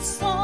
song.